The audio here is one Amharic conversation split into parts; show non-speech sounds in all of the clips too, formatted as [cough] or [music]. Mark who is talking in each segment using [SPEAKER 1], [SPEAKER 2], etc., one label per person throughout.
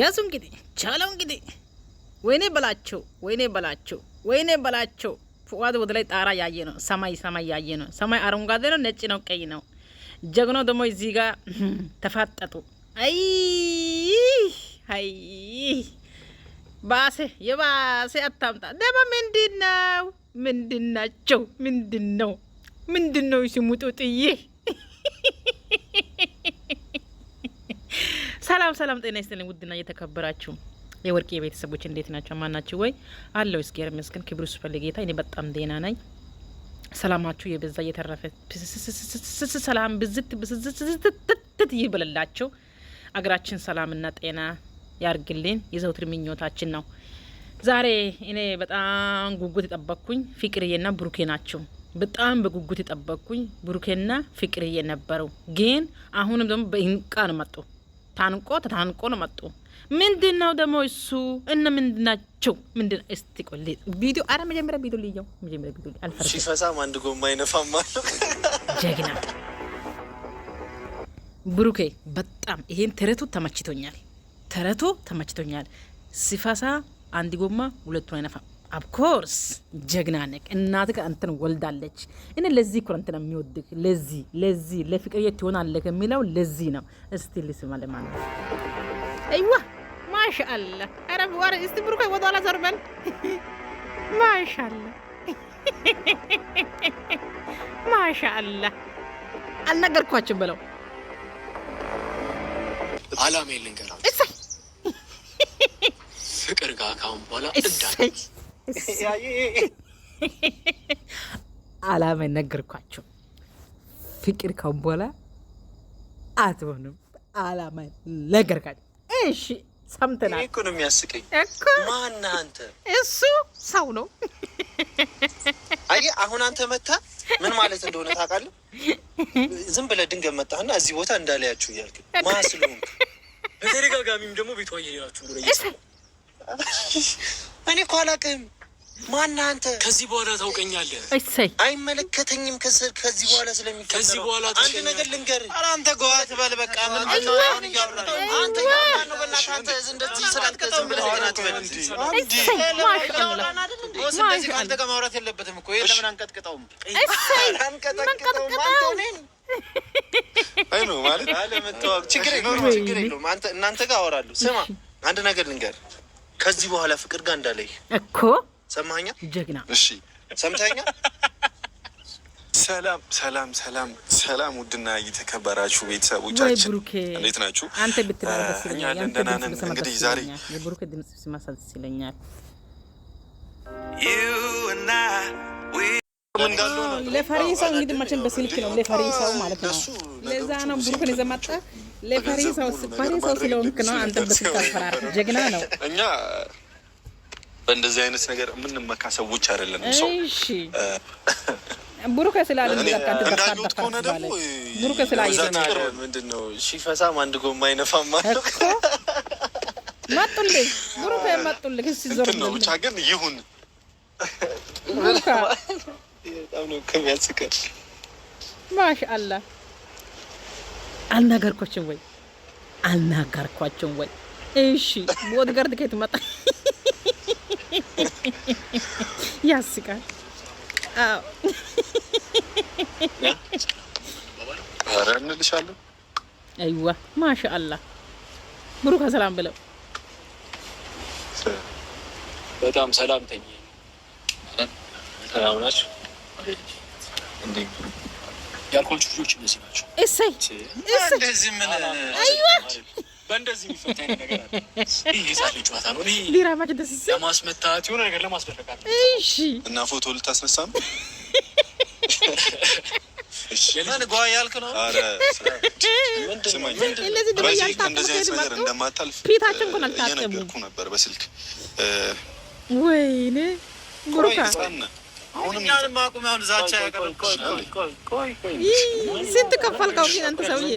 [SPEAKER 1] ያዙ እንግዲህ ቻለው እንግዲህ ወይኔ በላቸው ወይኔ በላቸው ወይኔ በላቸው። ፉአድ ወደ ላይ ጣራ ያየ ነው። ሰማይ ሰማይ ያየ ነው። ሰማይ አረንጓዴ ነው፣ ነጭ ነው፣ ቀይ ነው። ጀግኖ ደግሞ እዚህ ጋር [laughs] ተፋጠጡ። አይ አይ ባሴ የባሴ አታምጣ ደግሞ ምንድነው? ምንድናቸው? ምንድነው? ምንድነው? ሲሙጡጥዬ [laughs] ሰላም ሰላም፣ ጤና ይስጥልኝ ውድና እየተከበራችሁ የወርቄ ቤተሰቦች እንዴት ናቸው? ማናችሁ ወይ አለው እስኪ መስገን ክብሩ ስፈልግ ጌታ እኔ በጣም ጤና ነኝ። ሰላማችሁ የበዛ እየተረፈ ሰላም ብዝት ብዝት ይበልላችሁ። አገራችን ሰላምና ጤና ያርግልን የዘውትር ምኞታችን ነው። ዛሬ እኔ በጣም ጉጉት የጠበቅኩኝ ፍቅርዬና ብሩኬ ናቸው። በጣም በጉጉት የጠበቅኩኝ ብሩኬና ፍቅርዬ ነበረው፣ ግን አሁንም ደግሞ በእንቃ ነው መጡ ታንቆ ተታንቆ ነው መጡ። ምንድን ነው ደግሞ እሱ እነ ምንድናቸው? ምንድ እስቲ ቆሌ ቪዲዮ አረ መጀመሪያ ቪዲዮ ልየው። መጀመሪያ ቪዲዮ አልፈረ ሲፈሳም አንድ ጎማ ይነፋም አለ ጀግና ብሩኬ፣ በጣም ይሄን ተረቱ ተመችቶኛል። ተረቱ ተመችቶኛል። ሲፈሳ አንድ ጎማ ሁለቱን አይነፋም። አብኮርስ ጀግና ነክ እናት እንትን ወልዳለች። እኔ ለዚህ እኮ እንትን የሚወድቅ ለዚህ ለዚህ ለፍቅርዬ ትሆናለህ የሚለው ለዚህ ነው። እስቲ ልስማ ለማለት አይዋ ማሻአላ አረብ ወር እስቲ ብሩክ ወደኋላ ዞር በል ማሻአላ ማሻአላ አልነገርኳችሁም በለው አላሜ ልንገራ ፍቅር ጋር ካሁን በኋላ እንዳለች [laughs] አላማ ነገርኳቸው። ፍቅር ካሁን በኋላ አትሆንም። አላማ ነገርኳቸው። እሺ ሰምተናል እኮ ነው የሚያስቀኝ። ማነህ አንተ? እሱ ሰው ነው። [laughs] አየህ አሁን አንተ መታ ምን ማለት እንደሆነ ታውቃለህ? ዝም ብለህ ድንገት መጣህና እዚህ ቦታ እንዳለያችሁ እያልክ ማስሉን [laughs] በተደጋጋሚም ደግሞ ቤቷ እየሌላችሁ እኔ እኮ አላውቅም። ማነህ አንተ? ከዚህ በኋላ ታውቀኛለህ። አይመለከተኝም። አይመለከተኝም። ከዚህ በኋላ ስለሚከዚህ በኋላ አንድ ነገር ልንገር። አንተ ጎዋት በል በቃ። ምንድን አንተ? አንተ እንደዚህ ማውራት የለበትም እኮ። ይሄ ለምን አንቀጥቅጠውም? አይ ነው ማለት አለመተዋወቅ ችግር የለውም። አንተ እናንተ ጋር አወራለሁ። ስማ አንድ ነገር ልንገርህ ከዚህ በኋላ ፍቅር ጋር እንዳለይ እኮ ሰማኛ ጀግና። እሺ ሰምታኛ። ሰላም ሰላም ሰላም ሰላም። ውድና እየተከበራችሁ ቤተሰቦቻችን እንዴት ናችሁ? አንተ ብትላለኛል። ደህና ነን። እንግዲህ ዛሬ የብሩክ ድምጽ ስማሳት ይለኛል። ለፈሪሳው እንግዲህ መቼም በስልክ ነው ለፈሪሳው ማለት ነው። ለዛ ነው ብሩክን የዘመጣ ሌፈሪ ስለሆንክ ነው። አንተ ብትከፈራር ጀግና ነው። እኛ በእንደዚህ አይነት ነገር የምንመካ ሰዎች አይደለንም። ሰው ብሩከ ስላለእንዳየት ከሆነ ደግሞ ብሩከ ስላየ ምንድን ነው ሺፈሳም አንድ ጎማ አይነፋም ማለት መጡልህ ብሩከ መጡልህ። እስኪ ዞር ነው ብቻ ግን ይሁን ብሩከ በጣም ነው ከሚያስቀር ማሻአላህ አልናገርኳቸውም ወይ አልናገርኳቸውም ወይ? እሺ ጋርድ ከየት መጣ? ያስቃል። አዎ እንልሻለሁ። አይዋ ማሻአላህ ብሩካ ሰላም ብለው በጣም ሰላም ተኝ ሰላም እንዴ? ያልኳችሁ ልጆች እነዚህ ናቸው። እሰይ እንደዚህ ምን በእንደዚህ የሚፈታ ነገር አለ። ነው። ለማስመታት የሆነ ነገር ለማስመረቅ እና ፎቶ ልታስነሳ እኛንም ስንት ከፈልከው ግን አንተ ሰውዬ?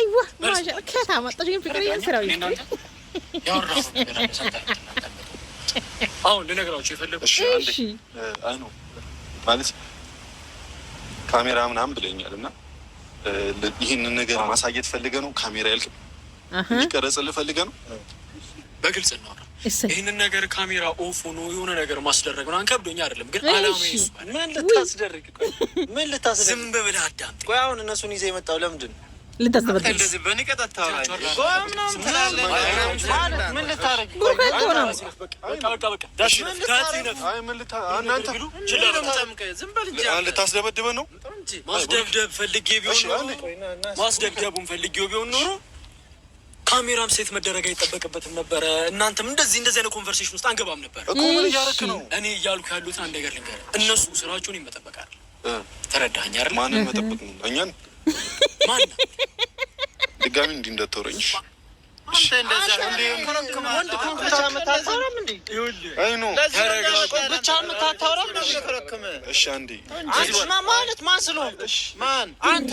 [SPEAKER 1] አይዋ ማሻ ግን ፍቅር ስራው አሁን ልነግራችሁ ማለት ካሜራ ምናምን ብለኛል እና ይህንን ነገር ማሳየት ፈልገ ነው ካሜራ ያልክ ይቀረጽልህ ፈልገ ነው። በግልጽ እናወራ ይህንን ነገር ካሜራ ኦፍ ሆኖ የሆነ ነገር ማስደረግ ምናምን ከብዶኛ አይደለም፣ ግን ምን ልታስደርግ ምን ልታስደርግ ዝም ብለህ አዳምጥ። ቆይ አሁን እነሱን ይዘህ የመጣው ለምንድን ነው? ልታስደበድበን ነው? ማስደብደብ ፈልጌ ቢሆን ማስደብደቡን ፈልጌው ቢሆን ኖሮ ካሜራም ሴት መደረግ አይጠበቅበትም ነበረ። እናንተም እንደዚህ እንደዚህ አይነት ኮንቨርሴሽን ውስጥ አንገባም ነበር እኮ። ምን እያደረክ ነው? እኔ እያልኩ ያሉትን አንድ ነገር ልንገር፣ እነሱ ስራቸውን ይመጠበቃል። ተረዳኸኝ አይደል? ማንን መጠበቅ ነው? እኛን ማን ድጋሚ እንዲህ እንዳትወረኝ ማለት ማን ስለሆንክ ማን አንተ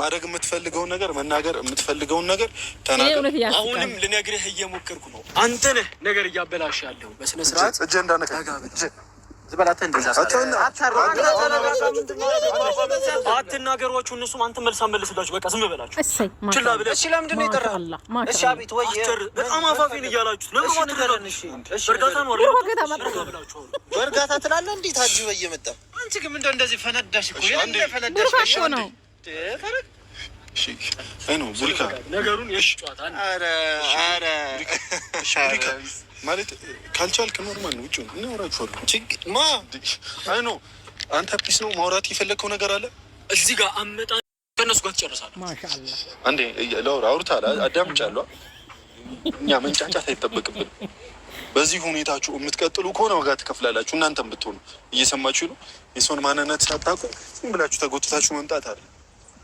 [SPEAKER 1] ማድረግ የምትፈልገውን ነገር መናገር የምትፈልገውን ነገር ተናገር። አሁንም ልነግርህ እየሞከርኩ ነው። አንተ ነህ ነገር እያበላሽ ያለው። በስነ ስርዓት እጀንዳ አትናገሯችሁ። እነሱም አንተ መልስ አመልስላችሁ። በቃ ዝም በላችሁ። ችላ ብለህ እሺ፣ ለምንድን ነው የጠራኸው? እሺ፣ አቤት። ወይ በጣም አፋፊን እያላችሁ በእርጋታ ነው በእርጋታ ትላለህ። እንዴት አጅበህ እየመጣህ አንቺ ግን እንደዚህ ፈነዳሽ እኮ ነው ማለት ካልቻልክ ኖርማል ነው። ውጭ እናወራችኋለን። አይ አንተ ፒስ ነው ማውራት የፈለግከው ነገር አለ እዚህ ጋር አመጣ ጋር ትጨርሳለህ። አንዴ አዳምጫለሁ። እኛ መንጫጫት አይጠበቅብን። በዚህ ሁኔታችሁ የምትቀጥሉ ከሆነ ዋጋ ትከፍላላችሁ። እናንተ ብትሆኑ እየሰማችሁ ነው። የሰውን ማንነት ሳታውቁ ዝም ብላችሁ ተጎትታችሁ መምጣት አለ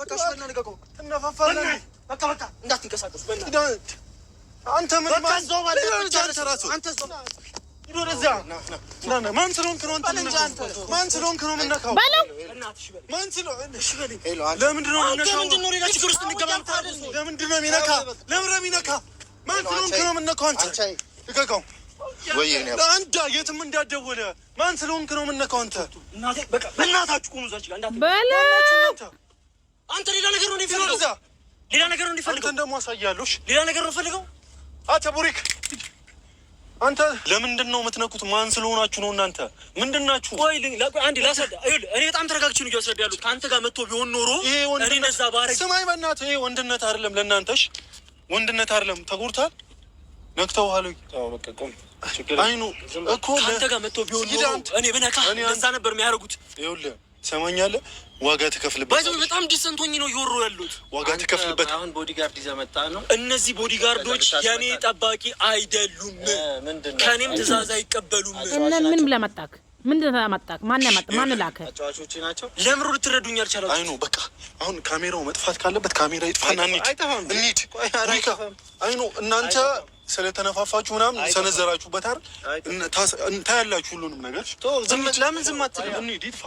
[SPEAKER 1] በቃ እሺ፣ በእናትህ ልቀቀው። እናፋፋለን። በቃ በቃ፣ ማን ስለሆንክ ነው? ማን አንተ ሌላ ነገር ነው የሚፈልገው፣ ሌላ ነገር ነው የሚፈልገው። አንተ ደግሞ አሳያለሽ፣ ሌላ ነገር ነው ፈልገው። አተ ቡሪክ አንተ ለምንድን ነው የምትነኩት? ማን ስለሆናችሁ ነው እናንተ? ምንድን ናችሁ? ወይ አንዴ ላስረዳ። እኔ በጣም ተረጋግቼ ነው እያስረዳ ያሉት። ከአንተ ጋር መጥቶ ቢሆን ኖሮ እኔ ነዛ ባረግ። ስማኝ በእናትህ፣ ይሄ ወንድነት አይደለም ለእናንተሽ፣ ወንድነት አይደለም። ተጎድታል፣ ነክተውሃል። በቃ ቆም አይኑ እኮ ከአንተ ጋር መጥቶ ቢሆን ኖሮ እኔ ብነካ እንደዛ ነበር የሚያደርጉት። ይኸውልህ ሰማኛለህ ዋጋ ተከፍልበት። በጣም ዲሰንቶኝ ነው ይወሩ ያሉት ዋጋ ተከፍልበት። አሁን ቦዲጋርድ ይዘህ መጣህ ነው። እነዚህ ቦዲጋርዶች የኔ ጠባቂ አይደሉም፣ ከኔም ትእዛዝ አይቀበሉም። ምን ብለህ መጣህ? ምንድን ነው ያመጣህ? ማን ያመጣህ? ማን ላከህ? ተጫዋቾቹ ናቸው። ለምን ልትረዱኝ አልቻላችሁ? አይ ነው በቃ አሁን ካሜራው መጥፋት ካለበት ካሜራ ይጥፋና እንሂድ። አይ ነው እናንተ ስለተነፋፋችሁ ምናምን ሰነዘራችሁበት አይደል? ታያላችሁ ሁሉንም ነገር። ለምን ዝም አትልም? እንሂድ ይጥፋ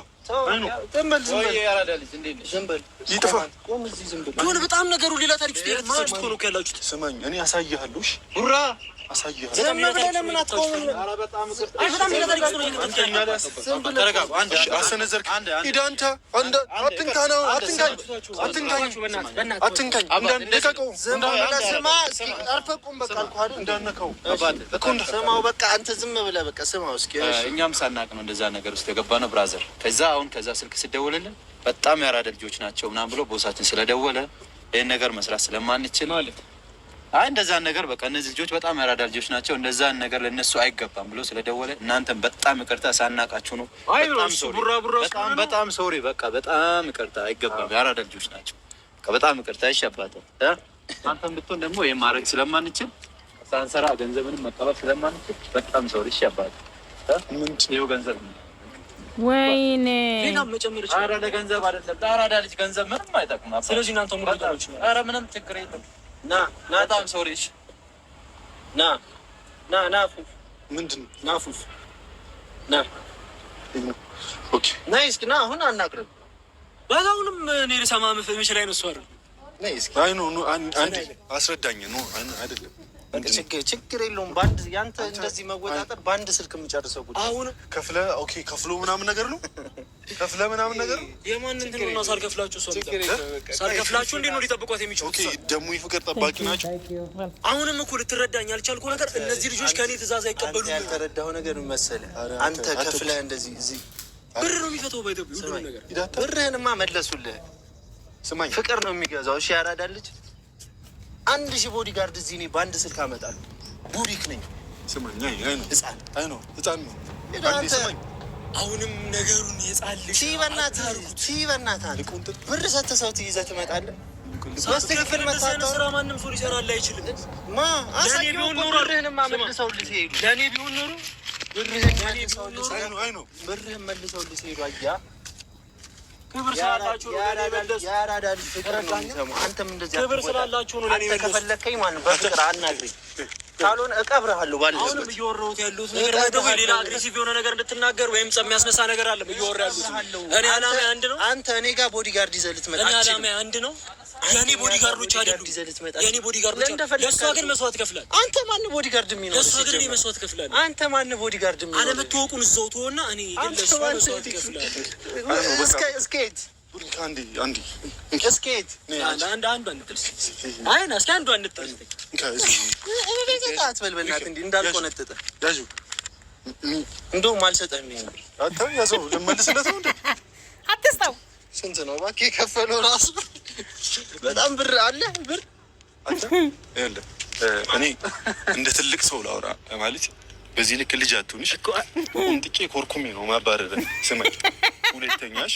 [SPEAKER 1] ይሁን በጣም ነገሩ ሌላ ታሪክ ያላችሁት። ስማኝ፣ እኔ አሳይሃለሁ። እሺ ሁራ በቃ አንተ ዝም ብለህ በቃ ስማው። እስኪ እኛም ሳናቅ ነው እንደዛ ነገር ውስጥ የገባ ነው ብራዘር ከዛ አሁን ከዛ ስልክ ስደወልልን በጣም ያራደ ልጆች ናቸው ምናም ብሎ ቦሳችን ስለደወለ ይህን ነገር መስራት ስለማንችል ማለት አይ እንደዛን ነገር በቃ እነዚህ ልጆች በጣም ያራዳ ልጆች ናቸው፣ እንደዛን ነገር ለእነሱ አይገባም ብሎ ስለደወለ እናንተን በጣም ይቅርታ ሳናቃችሁ ነው። በጣም በጣም ሶሪ፣ በቃ በጣም ይቅርታ። አይገባም፣ ያራዳ ልጆች ናቸው። በጣም ይቅርታ። ይሻባታል። አንተም ብትሆን ደግሞ ይህ ማድረግ ስለማንችል ሳንሰራ ገንዘብንም መቀበል ስለማንችል በጣም ሶሪ፣ ይሻባታል። ምንጭ ይኸው ገንዘብ ነው ወይኔ ሌላም መጨመር ይችላል። ኧረ ለገንዘብ አይደለም ለአራዳ ልጅ ገንዘብ ምንም አይጠቅም። ስለዚህ እናንተ ሙሉ ኧረ ምንም ችግር የለም። ና ና፣ በጣም ሶሪ። እሺ፣ ና ና ና አሁን አናግረን በዛውንም እኔ ልሰማ የምችል አይነት እሱ አይደለም። ና እስኪ፣ አይ ኖ ኖ፣ አንዴ አስረዳኝ። ኖ አይደለም ችግር የለውም። በአንድ ያንተ እንደዚህ መወጣጠር በአንድ ስልክ የምጨርሰው ጉዳይ አሁን ከፍለ ኦኬ፣ ከፍሎ ምናምን ነገር ነው ከፍለ ምናምን ነገር የማን እንትን ነው። ሳልከፍላችሁ ሰው ሳልከፍላችሁ እንዴት ነው ሊጠብቋት የሚችሉ? ደሞ የፍቅር ጠባቂ ናቸው። አሁንም እኮ ልትረዳኝ ያልቻልኩ ነገር እነዚህ ልጆች ከእኔ ትእዛዝ አይቀበሉ። ያልተረዳው ነገር መሰለህ አንተ ከፍለ እንደዚህ እዚህ ብር ነው የሚፈተው። ባይደብ ብርህንማ መለሱልህ። ስማኝ፣ ፍቅር ነው የሚገዛው። እሺ ያራዳልች አንድ ሺህ ቦዲ ጋርድ እዚህ እኔ በአንድ ስልክ አመጣለሁ። ቡሪክ ነኝ። ስማኝ፣ ህፃን ነው አሁንም ነገሩን የጻል በናት ብር ሰተህ ሰው ትይዘህ ትመጣለህ። ማንም ሰው ሊሰራልህ አይችልም። ማ ብርህንማ መልሰውልህ ሲሄዱ ለእኔ ቢሆን ኖሮ ብርህን መልሰውልህ ሲሄዱ አያ ክብር ስላላችሁ ነው። አንተም እንደዚህ ክብር ስላላችሁ ነው። አንተ ከፈለከኝ ማን በፍቅር አናግረኝ ካልሆነ እቀብርሃለሁ። ባለ አሁንም እየወረሁት ያሉት ነገር ደግሞ ሌላ አግሬሲቭ የሆነ ነገር እንድትናገር ወይም ጸብ የሚያስነሳ ነገር አለ እየወረ ያሉት እኔ አላማ አንድ ነው። አንተ እኔ ጋር ቦዲጋርድ ይዘህ ልትመጣ እኔ አላማ አንድ ነው። የኔ ቦዲጋርዶች አይደሉም። የኔ ቦዲጋርዶች ለእሷ ግን መስዋዕት ከፍላል። አንተ ማን ቦዲጋርድ የሚኖር ለእሷ ግን እኔ መስዋዕት ከፍላል። አንተ ማን ቦዲጋርድ የሚኖር አለመታወቁን እዛው ተወና እኔ ግን ለእሷ መስዋዕት ከፍላል እስከ እስከ የት አትስታው ስንት ነው እባክህ የከፈለው ራሱ በጣም ብር አለ ብር እኔ እንደ ትልቅ ሰው ላውራ ማለት በዚህ ልክ ልጅ አትሆንሽ። ጥቄ ኮርኩሜ ነው ማባረር። ስማኝ ሁለተኛሽ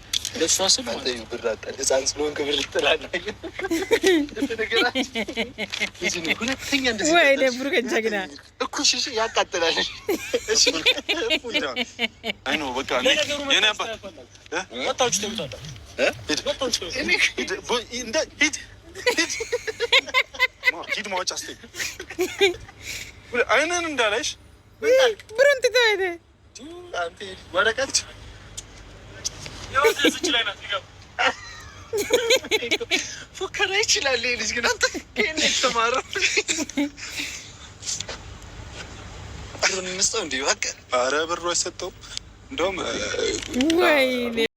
[SPEAKER 1] ለእሷ ስል ብር አጣል። ህፃን ስለሆንክ ብር ትጥላለህ። ያቃጥላል። ሂድ ማወጫ ስ ወረቀት ፉከራ ይችላል ልጅ ግን አንተ ይሄን የተማረ ምስጠው እንዲሁ አረ ብሩ አይሰጠውም እንደውም